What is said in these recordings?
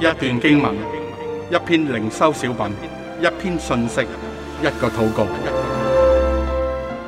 一段經文，一篇靈修小品，一篇信息，一個禱告。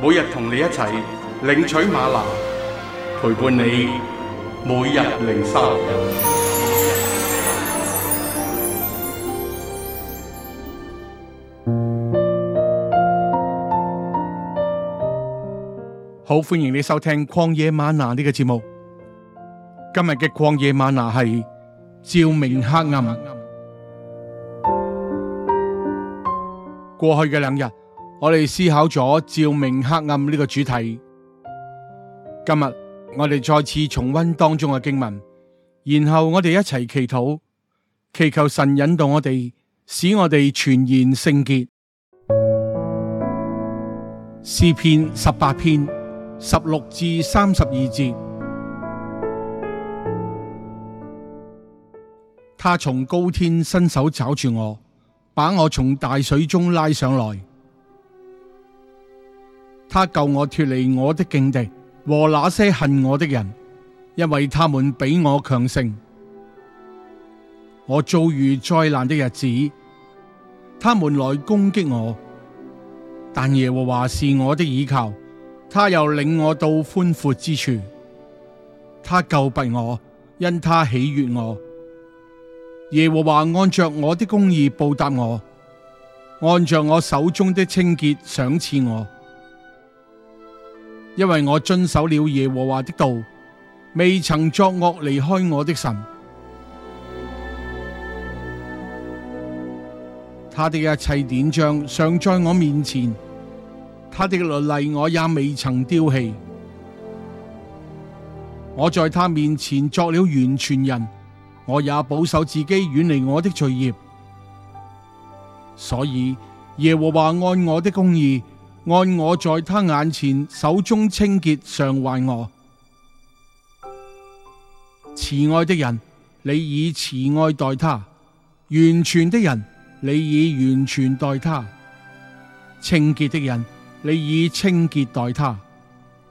每日同你一齊領取嗎哪，陪伴你每日靈修。好，歡迎你收聽《曠野嗎哪》呢個節目。今日嘅《曠野嗎哪》係。照明黑暗。過去嘅兩日，我哋思考咗照明黑暗呢個主題，今天。今日我哋再次重溫當中嘅經文，然後我哋一齊祈禱，祈求神引導我哋，使我哋全然聖潔。詩篇十八篇十六至三十二節。他從高天伸手抓住我，把我從大水中拉上來。他救我脫離我的境地和那些恨我的人，因為他們比我強盛。我遭遇災難的日子，他們來攻擊我。但耶和華是我的倚靠，他又領我到寬闊之處。他救拔我，因他喜悅我。耶和華按着我的公義報答我，按着我手中的清潔賞賜我，因為我遵守了耶和華的道，未曾作惡離開我的神。他的一切典章尚在我面前，他的律例我也未曾丟棄。我在他面前作了完全人。我也保守自己，遠離我的罪孽。所以耶和華按我的公義，按我在他眼前手中清潔償還我。慈愛的人，你以慈愛待他；完全的人，你以完全待他；清潔的人，你以清潔待他；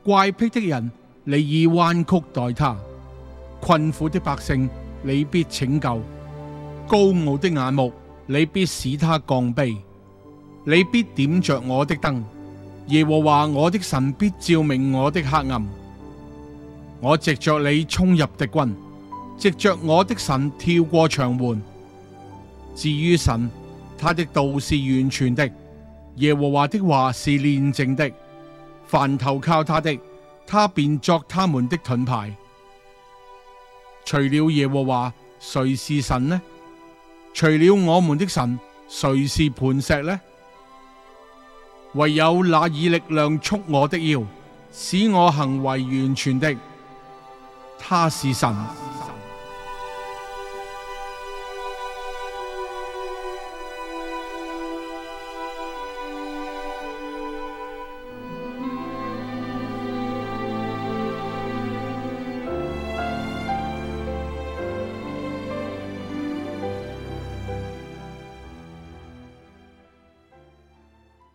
乖僻的人，你以彎曲待他；困苦的百姓。你必拯救高傲的眼目，你必使他降卑，你必點着我的燈。耶和華我的神必照明我的黑暗。我藉着你衝入敵軍，藉着我的神跳過牆垣。至於神，他的道是完全的，耶和華的話是煉淨的。凡投靠他的，他便作他們的盾牌。除了耶和華，誰是神呢？除了我們的神，誰是磐石呢？唯有那以力量束我的腰，使我行為完全的，他是神。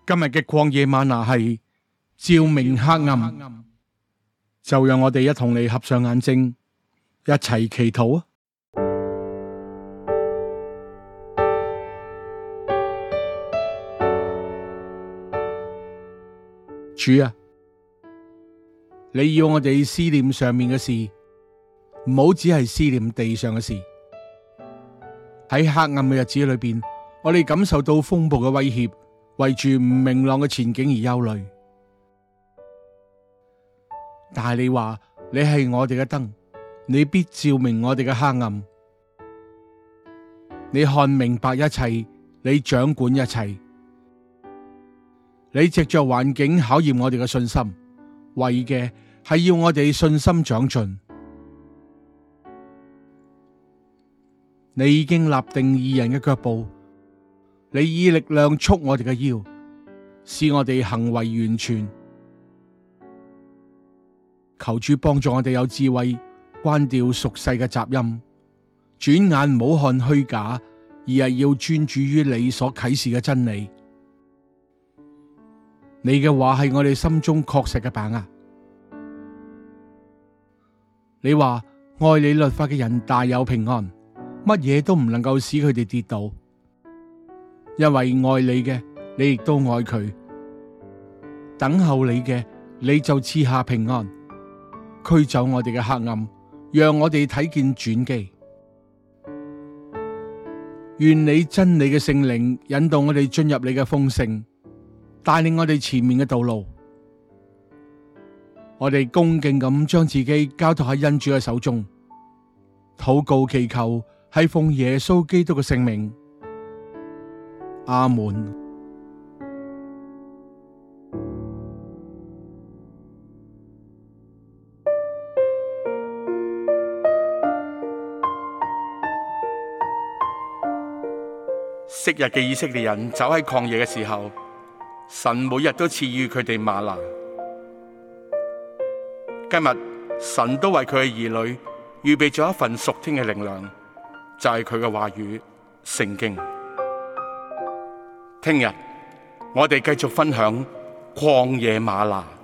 今日嘅曠野嗎哪，係照明黑暗，就讓我哋一同你合上眼睛，一齊祈禱啊！主啊，你要我哋思念上面嘅事，唔好只係思念地上嘅事。喺黑暗嘅日子裏邊，我哋感受到風暴嘅威脅。為住唔明朗嘅前景而憂慮，但係你話你係我哋嘅燈，你必照明我哋嘅黑暗。你看明白一切，你掌管一切，你藉着環境考驗我哋嘅信心，為嘅係要我哋信心長進。你已經立定義人嘅腳步。你以力量束我哋嘅腰，使我哋行為完全。求主幫助我哋有智慧，關掉俗世嘅雜音，轉眼唔好看虛假，而係要專注於你所啟示嘅真理。你嘅話係我哋心中確實嘅把握。你話愛你律法嘅人大有平安，乜嘢都唔能夠使佢哋跌倒。因為愛你嘅，你亦都愛佢；等候你嘅，你就賜下平安，驅走我哋嘅黑暗，讓我哋睇見轉機。願你真理嘅聖靈引導我哋進入你嘅豐盛，帶領我哋前面嘅道路。我哋恭敬咁將自己交託喺恩主嘅手中，禱告祈求係奉耶穌基督嘅聖名。阿門。昔日嘅以色列人走喺曠野嘅時候，神每日都賜予佢哋嗎哪。今日神都為佢嘅兒女預備咗一份屬天嘅靈糧，就係佢嘅話語，聖經。聽日，我哋繼續分享曠野嗎哪。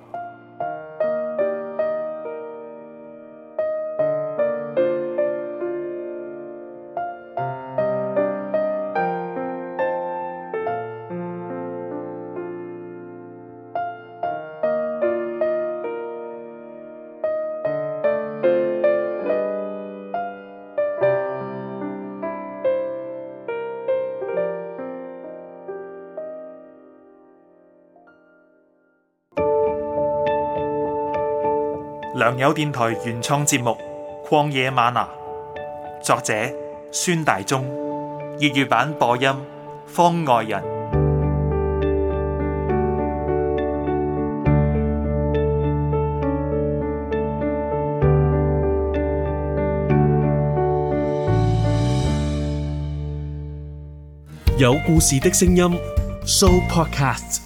良友電台原創節目《曠野嗎哪》，作者孫大中，粵語版播音方外人。有故事的聲音，Show Podcast。